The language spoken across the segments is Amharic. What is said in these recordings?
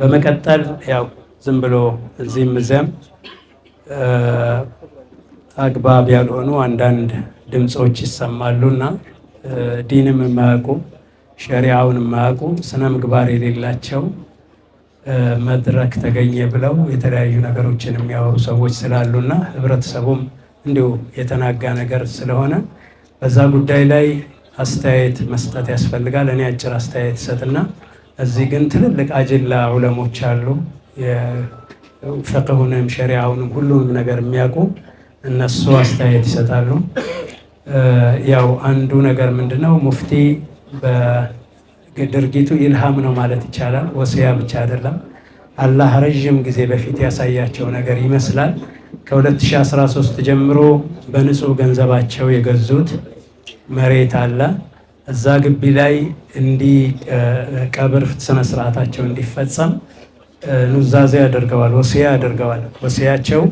በመቀጠል ያው ዝም ብሎ እዚህም እዚያም አግባብ ያልሆኑ አንዳንድ ድምፆች ይሰማሉና ዲንም የማያውቁ ሸሪያውን የማያውቁ ስነ ምግባር የሌላቸው መድረክ ተገኘ ብለው የተለያዩ ነገሮችን የሚያወሩ ሰዎች ስላሉና ህብረተሰቡም እንዲሁ የተናጋ ነገር ስለሆነ በዛ ጉዳይ ላይ አስተያየት መስጠት ያስፈልጋል። እኔ አጭር አስተያየት ሰጥና እዚህ ግን ትልልቅ አጅላ ዑለሞች አሉ። ፍቅሁንም ሸሪያውንም ሁሉንም ነገር የሚያውቁ እነሱ አስተያየት ይሰጣሉ። ያው አንዱ ነገር ምንድነው ሙፍቲ በድርጊቱ ኢልሃም ነው ማለት ይቻላል። ወስያ ብቻ አይደለም። አላህ ረዥም ጊዜ በፊት ያሳያቸው ነገር ይመስላል። ከ2013 ጀምሮ በንጹህ ገንዘባቸው የገዙት መሬት አለ። እዛ ግቢ ላይ እንዲህ ቀብር ስነ ስርዓታቸው እንዲፈጸም ኑዛዜ ያደርገዋል፣ ወሲያ ያደርገዋል። ወሲያቸው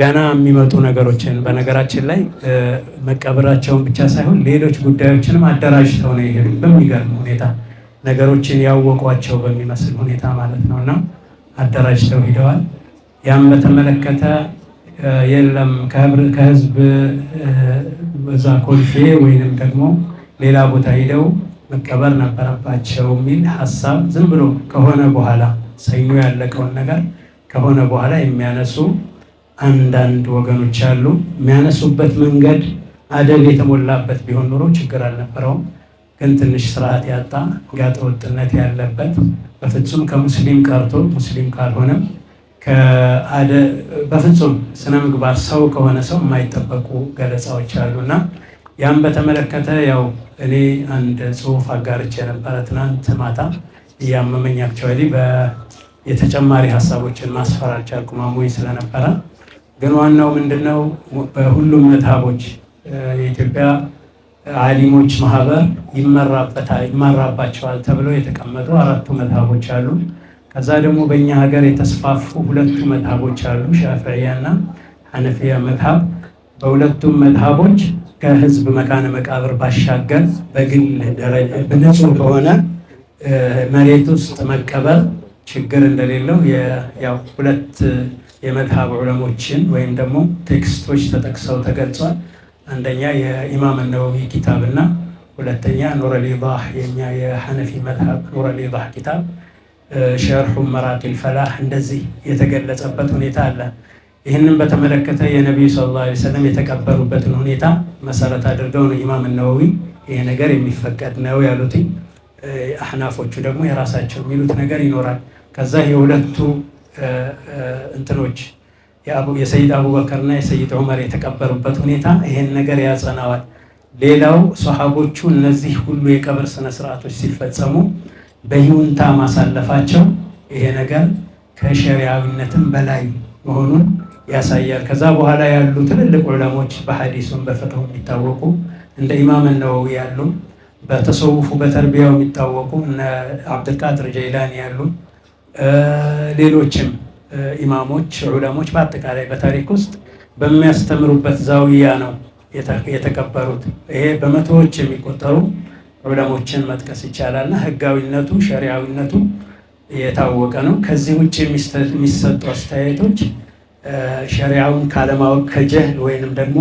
ገና የሚመጡ ነገሮችን በነገራችን ላይ መቀበራቸውን ብቻ ሳይሆን ሌሎች ጉዳዮችንም አደራጅተው ነው ይሄዱ። በሚገርም ሁኔታ ነገሮችን ያወቋቸው በሚመስል ሁኔታ ማለት ነው እና አደራጅተው ሂደዋል። ያም በተመለከተ የለም ከህዝብ እዛ ኮልፌ ወይንም ደግሞ ሌላ ቦታ ሄደው መቀበር ነበረባቸው የሚል ሀሳብ ዝም ብሎ ከሆነ በኋላ ሰኞ ያለቀውን ነገር ከሆነ በኋላ የሚያነሱ አንዳንድ ወገኖች አሉ። የሚያነሱበት መንገድ አደብ የተሞላበት ቢሆን ኑሮ ችግር አልነበረውም። ግን ትንሽ ስርዓት ያጣ ጋጠ ያለበት በፍጹም ከሙስሊም ቀርቶ ሙስሊም ካልሆነም በፍጹም ስነ ምግባር ሰው ከሆነ ሰው የማይጠበቁ ገለጻዎች አሉና ያም በተመለከተ ያው እኔ አንድ ጽሁፍ አጋርቼ የነበረ ትናንት ማታ እያመመኝ አክቸዋሊ የተጨማሪ ሀሳቦችን ማስፈር አልቻልኩም አሞኝ ስለነበረ። ግን ዋናው ምንድነው በሁሉም መዝሀቦች የኢትዮጵያ አሊሞች ማህበር ይመራባቸዋል ተብለው የተቀመጡ አራቱ መዝሀቦች አሉ። ከዛ ደግሞ በእኛ ሀገር የተስፋፉ ሁለቱ መዝሀቦች አሉ፣ ሻፍዕያ እና ሐነፊያ መዝሀብ። በሁለቱም መዝሀቦች ከህዝብ መካነ መቃብር ባሻገር በግል ደረጃ ንጹህ በሆነ መሬት ውስጥ መቀበር ችግር እንደሌለው ሁለት የመድሃብ ዑለሞችን ወይም ደግሞ ቴክስቶች ተጠቅሰው ተገልጿል። አንደኛ የኢማም ነወዊ ኪታብ እና ሁለተኛ ኑረል የኛ የሐነፊ መዝሃብ ኑረል ኪታብ ሸርሑ መራቂል ፈላህ እንደዚህ የተገለጸበት ሁኔታ አለ። ይህንን በተመለከተ የነቢዩ ስ ላ ሰለም የተቀበሩበትን ሁኔታ መሰረት አድርገው ነው ኢማም ነወዊ ይሄ ነገር የሚፈቀድ ነው ያሉት። አህናፎቹ ደግሞ የራሳቸው የሚሉት ነገር ይኖራል። ከዛ የሁለቱ እንትኖች የሰይድ አቡበከር እና የሰይድ ዑመር የተቀበሩበት ሁኔታ ይሄን ነገር ያጸናዋል። ሌላው ሰሃቦቹ እነዚህ ሁሉ የቀብር ስነስርዓቶች ሲፈጸሙ በይሁንታ ማሳለፋቸው ይሄ ነገር ከሸሪያዊነትም በላይ መሆኑን ያሳያል። ከዛ በኋላ ያሉ ትልልቅ ዑለሞች በሐዲሱን በፈተው የሚታወቁ እንደ ኢማም ነወዊ ያሉ በተሰውፉ በተርቢያው የሚታወቁ እነ አብድልቃድር ጀይላኒ ያሉ ሌሎችም ኢማሞች ዑለሞች በአጠቃላይ በታሪክ ውስጥ በሚያስተምሩበት ዛውያ ነው የተከበሩት። ይሄ በመቶዎች የሚቆጠሩ ዑለሞችን መጥቀስ ይቻላልና ህጋዊነቱ ሸሪያዊነቱ የታወቀ ነው። ከዚህ ውጭ የሚሰጡ አስተያየቶች ሸሪያውን ካለማወቅ ከጀህል ወይንም ደግሞ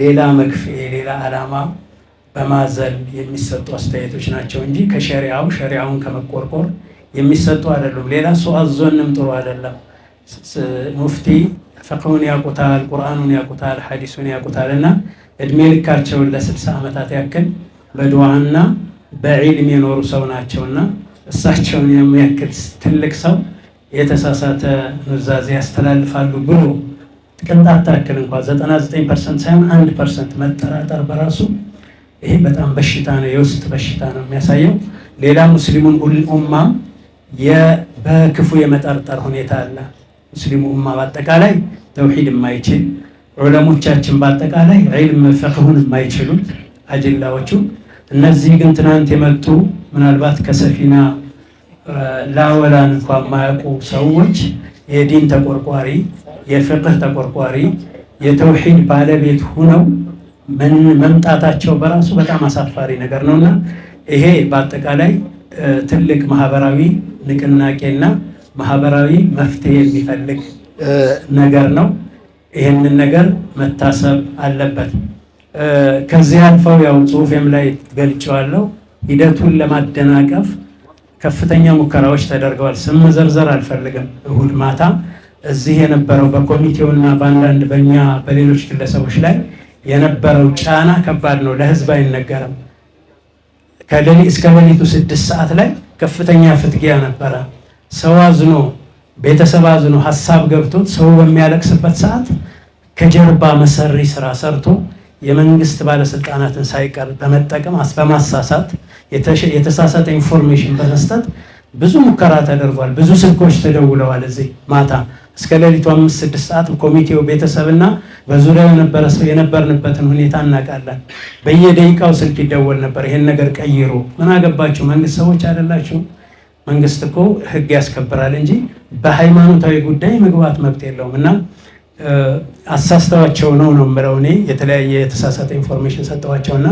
ሌላ መክፌ ሌላ ዓላማ በማዘል የሚሰጡ አስተያየቶች ናቸው እንጂ ከሸሪያው ሸሪያውን ከመቆርቆር የሚሰጡ አይደሉም። ሌላ ሰው አዞንም ጥሩ አይደለም። ሙፍቲ ፍቅሁን ያቁታል፣ ቁርአኑን ያቁታል፣ ሐዲሱን ያቁታል እና እድሜ ልካቸውን ለስልሳ ዓመታት ያክል በድዋና በዒልም የኖሩ ሰው ናቸውና እሳቸውን የሚያክል ትልቅ ሰው የተሳሳተ ኑዛዜ ያስተላልፋሉ ብሎ ቅንጣት ታክል እንኳ 99 ፐርሰንት ሳይሆን አንድ ፐርሰንት መጠራጠር በራሱ ይሄ በጣም በሽታ ነው፣ የውስጥ በሽታ ነው የሚያሳየው። ሌላ ሙስሊሙን ኡማ በክፉ የመጠርጠር ሁኔታ አለ። ሙስሊሙ ኡማ በአጠቃላይ ተውሂድ የማይችል ዑለሞቻችን በአጠቃላይ ዒልም ፍቅሁን የማይችሉት አጀላዎቹ እነዚህ ግን ትናንት የመጡ ምናልባት ከሰፊና ላወላን እንኳ የማያውቁ ሰዎች የዲን ተቆርቋሪ፣ የፍቅህ ተቆርቋሪ፣ የተውሂድ ባለቤት ሁነው መምጣታቸው በራሱ በጣም አሳፋሪ ነገር ነው እና ይሄ በአጠቃላይ ትልቅ ማህበራዊ ንቅናቄና ማህበራዊ መፍትሄ የሚፈልግ ነገር ነው። ይህንን ነገር መታሰብ አለበት። ከዚህ አልፈው ያው ጽሁፌም ላይ ገልጨዋለሁ ሂደቱን ለማደናቀፍ ከፍተኛ ሙከራዎች ተደርገዋል። ስም መዘርዘር አልፈልግም። እሁድ ማታ እዚህ የነበረው በኮሚቴውና በአንዳንድ በእኛ በሌሎች ግለሰቦች ላይ የነበረው ጫና ከባድ ነው፣ ለህዝብ አይነገርም። እስከ ሌሊቱ ስድስት ሰዓት ላይ ከፍተኛ ፍትጊያ ነበረ። ሰው አዝኖ ቤተሰብ አዝኖ ሀሳብ ገብቶት ሰው በሚያለቅስበት ሰዓት ከጀርባ መሰሪ ስራ ሰርቶ የመንግስት ባለስልጣናትን ሳይቀር በመጠቀም በማሳሳት የተሳሳተ ኢንፎርሜሽን በመስጠት ብዙ ሙከራ ተደርጓል። ብዙ ስልኮች ተደውለዋል። እዚህ ማታ እስከ ሌሊቱ አምስት ስድስት ሰዓት ኮሚቴው ቤተሰብና በዙሪያው የነበርንበትን ሁኔታ እናውቃለን። በየደቂቃው ስልክ ይደወል ነበር። ይሄን ነገር ቀይሮ ምን አገባችሁ መንግስት ሰዎች አይደላችሁ? መንግስት እኮ ህግ ያስከብራል እንጂ በሃይማኖታዊ ጉዳይ መግባት መብት የለውም እና አሳስተዋቸው ነው ነው የምለው እኔ የተለያየ የተሳሳተ ኢንፎርሜሽን ሰጠዋቸውና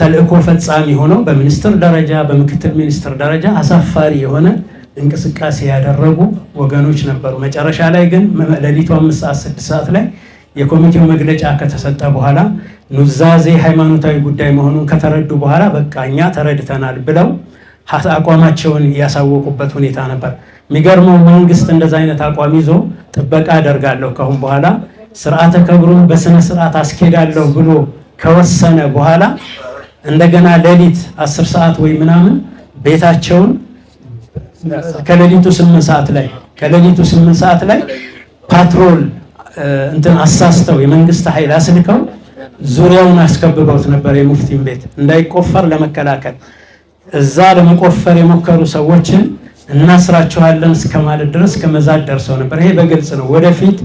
ተልእኮ ፈጻሚ ሆነው በሚኒስትር ደረጃ በምክትል ሚኒስትር ደረጃ አሳፋሪ የሆነ እንቅስቃሴ ያደረጉ ወገኖች ነበሩ። መጨረሻ ላይ ግን ሌሊቱ አምስት ሰዓት ስድስት ሰዓት ላይ የኮሚቴው መግለጫ ከተሰጠ በኋላ ኑዛዜ ሃይማኖታዊ ጉዳይ መሆኑን ከተረዱ በኋላ በቃ እኛ ተረድተናል ብለው አቋማቸውን ያሳወቁበት ሁኔታ ነበር። የሚገርመው መንግስት እንደዚ አይነት አቋም ይዞ ጥበቃ አደርጋለሁ ከአሁን በኋላ ስርዓተ ቀብሩን በስነ ስርዓት አስኬዳለሁ ብሎ ከወሰነ በኋላ እንደገና ሌሊት አስር ሰዓት ወይ ምናምን ቤታቸውን ከሌሊቱ ስምንት ሰዓት ላይ ከሌሊቱ ስምንት ሰዓት ላይ ፓትሮል እንትን አሳስተው የመንግስት ኃይል አስልከው ዙሪያውን አስከብበውት ነበር፣ የሙፍቲን ቤት እንዳይቆፈር ለመከላከል። እዛ ለመቆፈር የሞከሩ ሰዎችን እናስራችኋለን እስከ ማለት ድረስ ከመዛት ደርሰው ነበር። ይሄ በግልጽ ነው። ወደፊት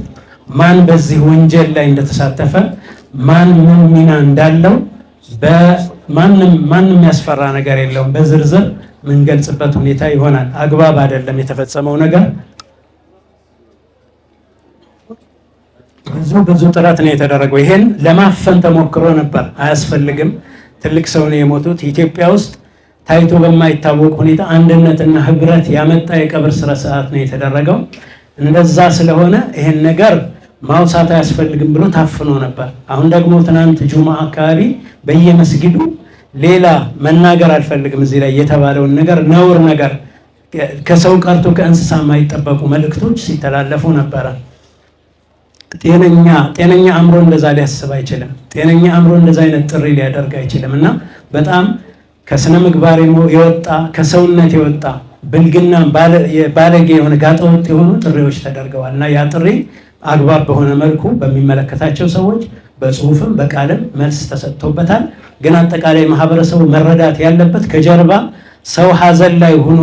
ማን በዚህ ወንጀል ላይ እንደተሳተፈ ማን ምን ሚና እንዳለው ማንም ያስፈራ ነገር የለውም። በዝርዝር ምንገልጽበት ሁኔታ ይሆናል። አግባብ አይደለም የተፈጸመው ነገር። ብዙ ብዙ ጥረት ነው የተደረገው። ይሄን ለማፈን ተሞክሮ ነበር። አያስፈልግም። ትልቅ ሰው ነው የሞቱት። ኢትዮጵያ ውስጥ ታይቶ በማይታወቅ ሁኔታ አንድነትና ህብረት ያመጣ የቀብር ስነ ስርዓት ነው የተደረገው። እንደዛ ስለሆነ ይሄን ነገር ማውሳት አያስፈልግም ብሎ ታፍኖ ነበር። አሁን ደግሞ ትናንት ጁማ አካባቢ በየመስጊዱ ሌላ መናገር አልፈልግም እዚህ ላይ የተባለውን ነገር ነውር ነገር ከሰው ቀርቶ ከእንስሳ የማይጠበቁ መልእክቶች ሲተላለፉ ነበረ። ጤነኛ ጤነኛ አእምሮ እንደዛ ሊያስብ አይችልም። ጤነኛ አእምሮ እንደዛ አይነት ጥሪ ሊያደርግ አይችልም። እና በጣም ከስነ ምግባር የወጣ ከሰውነት የወጣ ብልግና ባለጌ የሆነ ጋጠወጥ የሆኑ ጥሪዎች ተደርገዋል እና ያ ጥሪ አግባብ በሆነ መልኩ በሚመለከታቸው ሰዎች በጽሁፍም በቃልም መልስ ተሰጥቶበታል። ግን አጠቃላይ ማህበረሰቡ መረዳት ያለበት ከጀርባ ሰው ሀዘን ላይ ሆኖ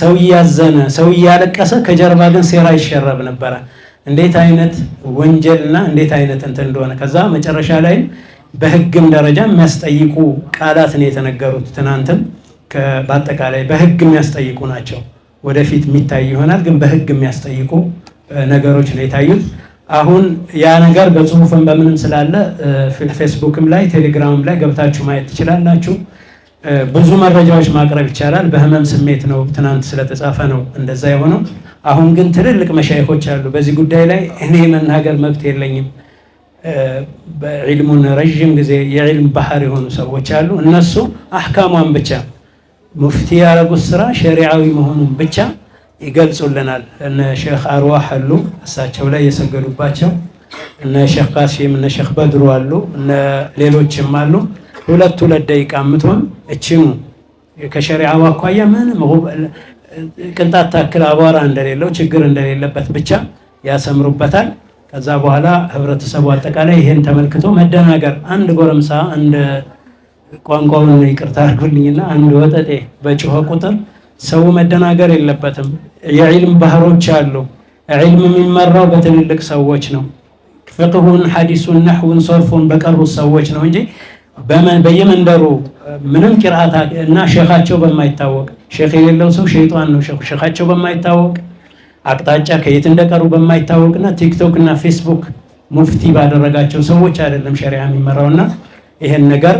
ሰው እያዘነ ሰው እያለቀሰ ከጀርባ ግን ሴራ ይሸረብ ነበረ። እንዴት አይነት ወንጀልና እንዴት አይነት እንትን እንደሆነ ከዛ መጨረሻ ላይም በህግም ደረጃ የሚያስጠይቁ ቃላት ነው የተነገሩት። ትናንትም በአጠቃላይ በህግ የሚያስጠይቁ ናቸው። ወደፊት የሚታይ ይሆናል። ግን በህግ የሚያስጠይቁ ነገሮች ነው የታዩት። አሁን ያ ነገር በጽሁፍም በምንም ስላለ ፌስቡክም ላይ ቴሌግራምም ላይ ገብታችሁ ማየት ትችላላችሁ። ብዙ መረጃዎች ማቅረብ ይቻላል። በህመም ስሜት ነው ትናንት ስለተጻፈ ነው እንደዛ የሆነው። አሁን ግን ትልልቅ መሻይኮች አሉ። በዚህ ጉዳይ ላይ እኔ መናገር መብት የለኝም። በዕልሙን ረዥም ጊዜ የዕልም ባህር የሆኑ ሰዎች አሉ። እነሱ አህካሟን ብቻ ሙፍቲ ያረጉት ስራ ሸሪዓዊ መሆኑን ብቻ ይገልጹልናል። እነ ሼክ አርዋህ አሉ እሳቸው ላይ የሰገዱባቸው እነ ሼክ ቃሲም እነ ሼክ በድሩ አሉ እነ ሌሎችም አሉ። ሁለት ሁለት ደቂቃ የምትሆን እችኑ ከሸሪዓው አኳያ ምንም ቅንጣት ታክል አቧራ እንደሌለው ችግር እንደሌለበት ብቻ ያሰምሩበታል። ከዛ በኋላ ህብረተሰቡ አጠቃላይ ይሄን ተመልክቶ መደናገር አንድ ጎረምሳ አንድ ቋንቋውን ይቅርታ አድርጉልኝና አንድ ወጠጤ በጮኸ ቁጥር ሰው መደናገር የለበትም። የዕልም ባህሮች አሉ። ዕልም የሚመራው በትልልቅ ሰዎች ነው። ፍቅሁን፣ ሐዲሱን፣ ነሕውን፣ ሶርፉን በቀሩት ሰዎች ነው እንጂ በየመንደሩ ምንም ቂርአት እና ሼኻቸው በማይታወቅ ሼክ የሌለው ሰው ሸይጣን ነው። ሼኻቸው በማይታወቅ አቅጣጫ ከየት እንደቀሩ በማይታወቅና ቲክቶክ እና ፌስቡክ ሙፍቲ ባደረጋቸው ሰዎች አይደለም ሸሪዓ የሚመራውና ይሄን ነገር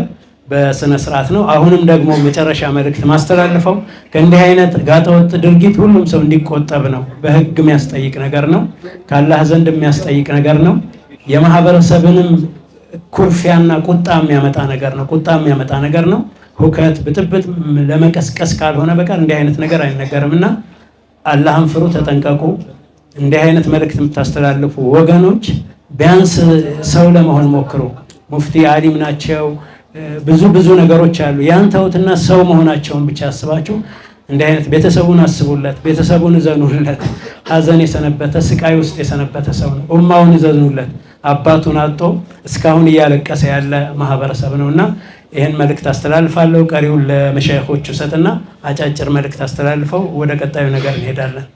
በስነ ስርዓት ነው። አሁንም ደግሞ መጨረሻ መልእክት ማስተላልፈው ከእንዲህ አይነት ጋጠወጥ ድርጊት ሁሉም ሰው እንዲቆጠብ ነው። በህግ የሚያስጠይቅ ነገር ነው። ካላህ ዘንድ የሚያስጠይቅ ነገር ነው። የማህበረሰብንም ኩርፊያና ቁጣ የሚያመጣ ነገር ነው። ቁጣ የሚያመጣ ነገር ነው። ሁከት፣ ብጥብጥ ለመቀስቀስ ካልሆነ በቀር እንዲህ አይነት ነገር አይነገርም እና አላህን ፍሩ፣ ተጠንቀቁ። እንዲህ አይነት መልእክት የምታስተላልፉ ወገኖች ቢያንስ ሰው ለመሆን ሞክሩ። ሙፍቲ አሊም ናቸው። ብዙ ብዙ ነገሮች አሉ። ያን ተውትና ሰው መሆናቸውን ብቻ አስባችሁ እንዲህ አይነት ቤተሰቡን አስቡለት፣ ቤተሰቡን እዘኑለት። ሀዘን የሰነበተ ስቃይ ውስጥ የሰነበተ ሰው ነው። ኡማውን እዘኑለት። አባቱን አጦ እስካሁን እያለቀሰ ያለ ማህበረሰብ ነው እና ይህን መልእክት አስተላልፋለሁ። ቀሪውን ለመሻይኮቹ ሰጥና አጫጭር መልእክት አስተላልፈው ወደ ቀጣዩ ነገር እንሄዳለን።